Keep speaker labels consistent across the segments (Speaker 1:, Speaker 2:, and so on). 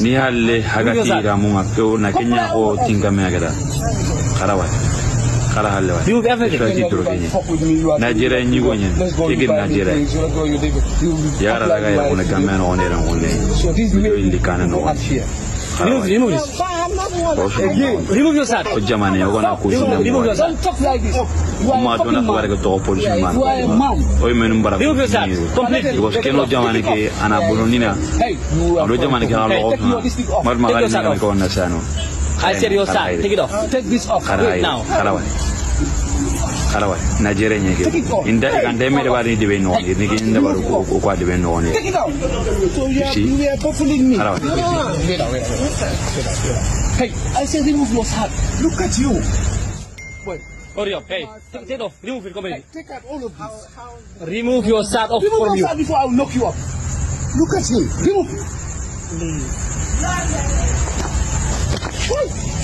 Speaker 1: ni halle hagati iramu ngakko na kenya o tingame agada karawa kara halle wa shaki duro kenya najira ni gonya tigi najira yara daga iramu na kamera onera onne ndo indikana no karawa Remove Jamani, you're gonna cause them. Remove yourself. Don't talk like this. You are a fucking man. You are a man. Oye, menu mbara. Remove yourself. jamani ke ana bulonina. Hey, you are. Ado jamani ke ana logo. Mar magari ni kama kwa nasano. I said yourself. Take it off. Take this off. arawat najere ñeke inda kan deme de bari debe no ni ni de bari ko ko debe no ni si arawat hey i said remove your hat look at you wait Hurry up, hey, take, take off, remove it, come here. Take out all of this. How, how... Remove your shirt off remove from you. Remove your shirt before I'll knock you up. Look at him, remove it. Please. Wait.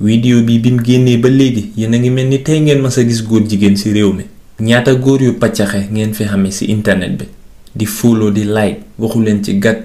Speaker 1: vidéo bi mu génnee ba léegi yéen a ngi mel ni tey ngeen mas a gis góor jigéen ci réew mi ñaata góor yu paccaxee ngeen fi xamee ci internet bi di follow di like waxu leen ci gat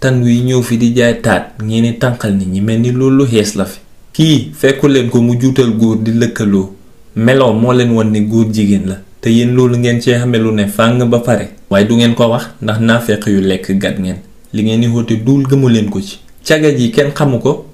Speaker 1: tan wi ñëw fi di jaay taat ngeen di tànqal nit ñi mel ni loolu xees la fi. kii fekku leen ko mu juutal góor di lëkkaloo meloo moo leen wan ne góor jigéen la te yéen loolu ngeen cee xamee lu ne fàng ba pare. waaye du ngeen ko wax ndax naafeq yu lekk gat ngeen li ngeen di woote duul gëmu leen ko ci. caga ji kenn xamu ko.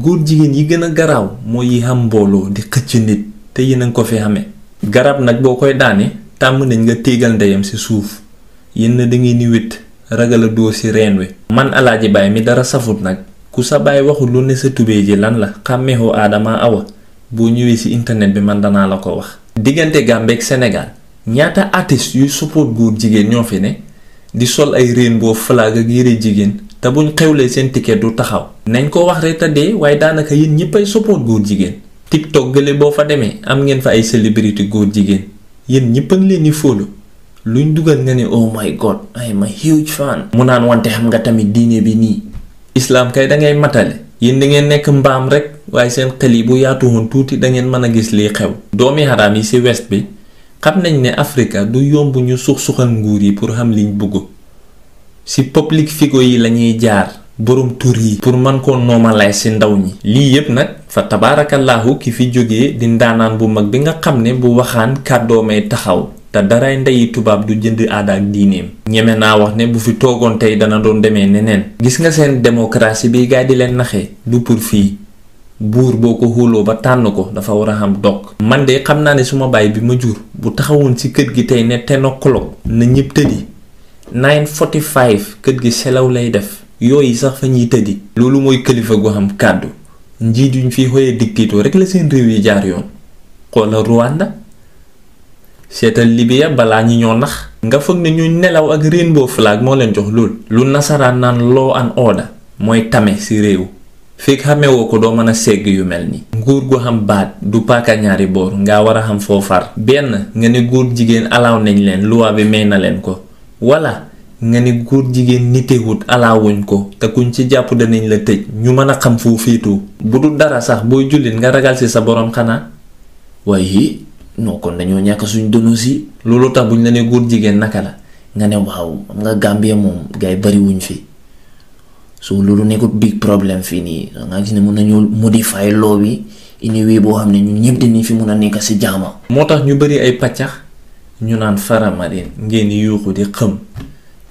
Speaker 1: góor jigéen yi gën a garaaw mooy yi am mbooloo di xëcc nit te yi nañ ko fi amee garab nag boo koy daane tàmm nañ nga téegal ndeyam ci suuf yenn da ngeen ni wét ragal a doo ci reen wi man alaaji baay mi dara safut nag ku sa baay waxul lu ne sa tubéy ji lan la xàmmeexoo aadama awa boo ñëwee ci internet bi man danaa la ko wax diggante Gambie ak Sénégal ñaata artiste yuy support góor jigéen ñoo fi ne di sol ay rainbow flag ak yëre jigéen te buñ xewlee seen ticket du taxaw nañ ko wax rek tëddee waaye daanaka yéen ñëpp ay support góor jigéen tiktok gële boo fa demee am ngeen fa ay célébrité góor jigéen yéen ñëpp a ngi leen di fóolu luñ dugal nga ni oh my god ay ma a huge fan. mu naan wante xam nga tamit diine bi nii. islaam kay da ngay matale. yéen da ngeen nekk mbaam rek waaye seen xel yi bu yaatu woon tuuti da ngeen mën a gis lii xew. doomi xaraam yi ci west bi xam nañ ne Afrika du yomb ñu suux suxal nguur yi pour xam liñ bëgg. ci public figure yi lañuy jaar boroom tur yi pour mën koo normaliser ci ndaw ñi lii yépp nag fa tabaarakallaahu ki fi jógee di ndaanaan bu mag bi nga xam ne bu waxaan kàddoo may taxaw te daray ndeyi tubaab du jënd aada ak diineem ñeme naa wax ne bu fi toogoon tey dana doon demee neneen gis nga seen démocratie bi gaay di leen naxee du pour fii buur boo ko xóoloo ba tànn ko dafa war a xam dog man de xam naa ne suma baay bi ma jur bu taxawoon ci kër gi tey ne ten o'clock na nine forty five kër gi selaw lay def yooyu sax fa ñuy tëddi loolu mooy kilifa gu xam kàddu njiit yuñ fi xooyee dictateur rek la seen réew yi jaar yoon xoolal Rwanda seetal Libya balaa ñi ñoo nax nga foog ne ñu nelaw ak rainbow flag moo leen jox lool lu nasaraan naan law and order mooy tame ci réew fekk xamewoo ko doo mën a segg yu mel ni nguur gu xam baat du paaka ñaari boor nga war a xam foofar benn nga ne góor jigéen alaaw nañ leen luwaa bi may na leen ko wala nga ni góor jigéen nitewut alaawuñ ko te kuñ ci jàpp danañ la tëj ñu mën a xam foo féetoo bu dul dara sax booy jullit nga ragal si sa borom xanaa waaye non kon dañoo ñàkk suñ dono si loolu tax buñ la ne góor jigéen naka la nga ne waaw nga Gambie moom gars yi bariwuñ fi so loolu nekkut big problème fii nii nga gis ne mun nañu modifier loo bi indi wii boo xam ne ñun ñëpp dañuy fi mun a nekk si jaama. moo tax ñu bari ay pàccax. ñu naan faramarin ngeen yuuxu di xëm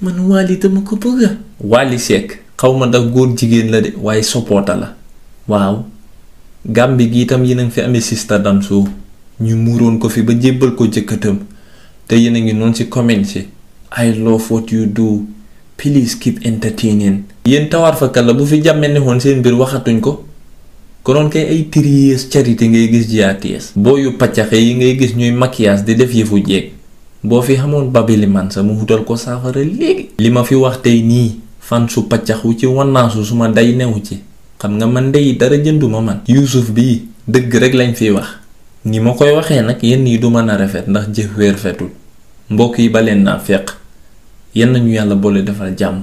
Speaker 1: man Wally dama ko bëgga Wally Seck xaw ma ndax góor jigéen la de waaye sopoota la waaw Gàmbi gi itam yéen a ngi fi amee Sista Danso ñu muuroon ko fi ba jébbal ko jëkkëtam te yéen a ngi noon ci comment si I love what you do please keep entertaining yéen tawaar la bu fi jàmmee ne seen mbir waxatuñ ko konoon kay ay tries charité ngay gis jiaties booyu paccaxe yi ngay gis ñuy maquillage di def yëfu jeeg boo fi xamoon babili man sa mu wutal ko saafara léegi li ma fi wax tey nii fan su paccaxu ci wannaasu su ma day newu ci xam nga man dey dara jënduma man yuusuf bii dëgg rek lañ fi wax ni ma koy waxee nag yenn yi du mën a rafet ndax jëf weer fetul mbokk yi leen naa feq yenn ñu yàlla boole defal jàmm